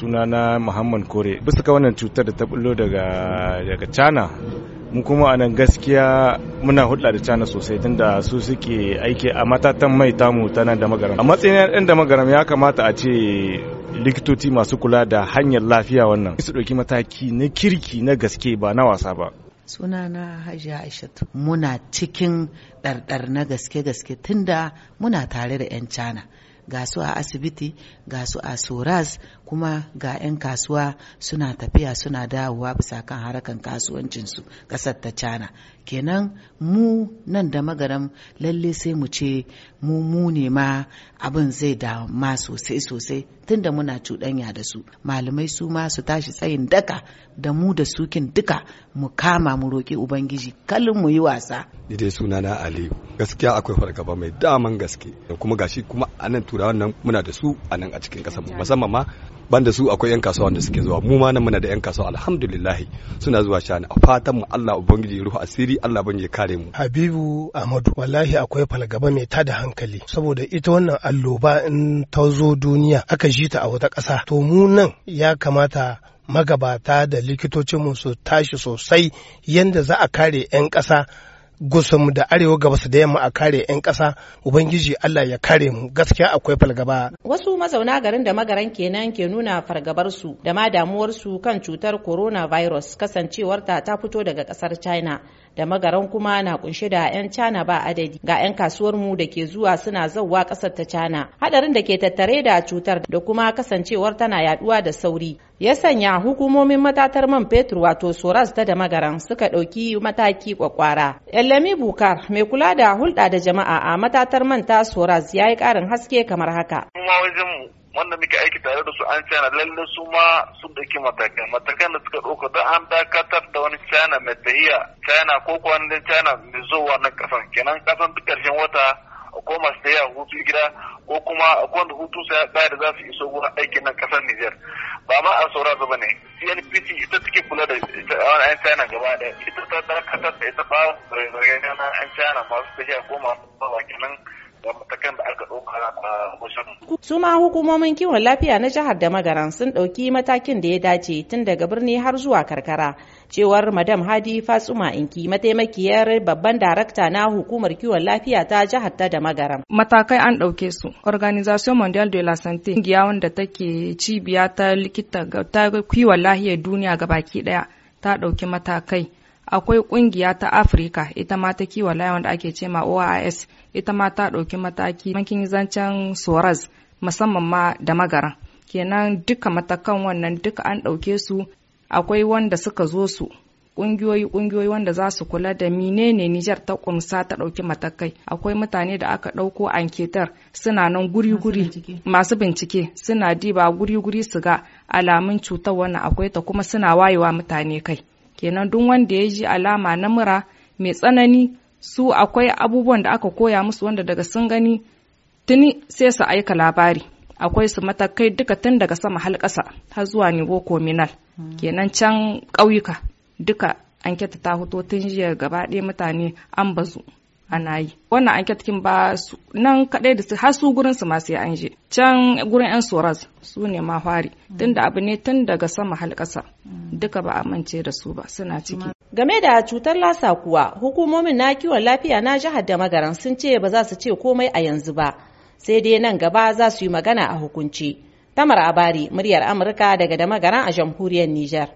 sunana muhammad kore bisa ka wannan cutar da ta bullo daga daga china mu kuma a nan gaskiya muna hulɗa da cana sosai tunda su suke aiki a matatan mai tamu ta nan da magaram a matsayin ɗan da magaram ya kamata a ce likitoci masu kula da hanyar lafiya wannan su ɗauki mataki na kirki na gaske ba na wasa ba suna na hajiya aishatu muna cikin ɗarɗar na gaske-gaske tunda muna tare da 'yan cana ga su a asibiti ga su a soras kuma ga 'yan kasuwa suna tafiya suna dawowa bisa kan harakan kasuwancinsu ƙasar ta cana kenan mu nan da magaram lalle sai mu ce mu mu ne ma abin zai dama sosai sosai tunda muna cuɗanya da su malamai su ma su tashi tsayin daka da mu da sukin duka mu kama mu roƙi ubangiji kalin mu yi wasa ni dai suna na aliyu gaskiya akwai fargaba mai daman gaske kuma gashi kuma anan turawan nan muna da su anan a cikin ƙasarmu musamman ma banda su akwai yan kasuwa da suke zuwa mu ma nan muna da yan kasuwa alhamdulillah suna zuwa shani a fatan mu Allah ubangiji ruhu asiri Allah ban ya kare mu Habibu Ahmadu wallahi akwai falgaba mai tada hankali saboda ita wannan alloba in ta zo duniya aka ji ta a wata ƙasa to mu nan ya kamata magabata da likitocinmu su tashi sosai yadda za a kare 'yan ƙasa gusum da arewa gabas da yamma a kare 'yan ƙasa ubangiji allah ya kare mu gaskiya akwai fargaba wasu mazauna garin da magaran kenan ke nuna fargabarsu da ma damuwar su kan cutar coronavirus kasancewar ta ta fito daga ƙasar china da magaran kuma na kunshe da 'yan cana ba adadi ga 'yan kasuwar mu da ke zuwa suna zauwa kasar ta cana hadarin da ke tattare da cutar da kuma kasancewar tana yaduwa da sauri ya sanya hukumomin matatar man fetur wato soras ta da magaran suka ɗauki mataki kwakwara Elami Bukar mai kula da hulɗa da jama'a a matatar man ta soras ya yi ƙarin haske kamar haka. wanda muke aiki tare da su an china lalle su ma sun ɗauki matakan matakan da suka ɗauka da an dakatar da wani china mai tahiya china ko kuwa wani china mai wa nan kasan kenan kasan duk ƙarshen wata ko masu tahiya hutu gida ko kuma ko wanda hutu sai ya da za su iso wurin aikin nan kasan niger ba ma a saura ba ne cnpc ita take kula da ita an china gaba ɗaya ita ta dakatar da ita ba zargin an china masu tahiya ko masu tsawa kenan da matakan da Su ma hukumomin kiwon lafiya na jihar da magaran sun ɗauki matakin da ya dace tun daga birni har zuwa karkara. Cewar Madam Hadi Fatsuma Inki mataimakiyar babban darakta na hukumar kiwon lafiya ta jihar ta da magaran. Matakai an ɗauke su. Organisation Mondial de la Santé ƙungiya wanda take cibiya ta likita ta kiwon lahiyar duniya ga baki ɗaya ta ɗauki matakai akwai kungiya ta afirka ita ma ta kiwa layon da ake cema ois ita ma ta ɗauki mataki makin zancen soraz musamman ma da magara kenan duka matakan wannan duka an ɗauke su akwai wanda suka zo su kungiyoyi kungiyoyi wanda za su kula da menene Nijar ta kumsa ta ɗauki matakai akwai mutane da aka ɗauko anketar suna nan guri-guri masu bincike suna diba guri-guri su ga alamun cutar wannan akwai ta kuma suna wayewa mutane kai kenan duk wanda ya ji alama na mura mai tsanani su akwai abubuwan da aka koya musu wanda daga sun gani tuni sai su aika labari akwai su matakai duka tun daga sama har ƙasa har zuwa nivo kominal hmm. kenan can ƙauyuka duka an ta hoto tun jiya gaba ɗaya mutane an bazu ana yi wannan an kyatkin ba nan kadai da har su gurin su ma sai an je can gurin yan soras su ne ma fari tunda abu ne tun daga sama halkasa duka ba amince da su ba suna ciki game da cutar lasa kuwa hukumomin na kiwon lafiya na jihar da magaran sun ce ba za su ce komai a yanzu ba sai dai nan gaba za su yi magana a hukunci tamar abari muryar amurka daga da magaran a jamhuriyar nijar.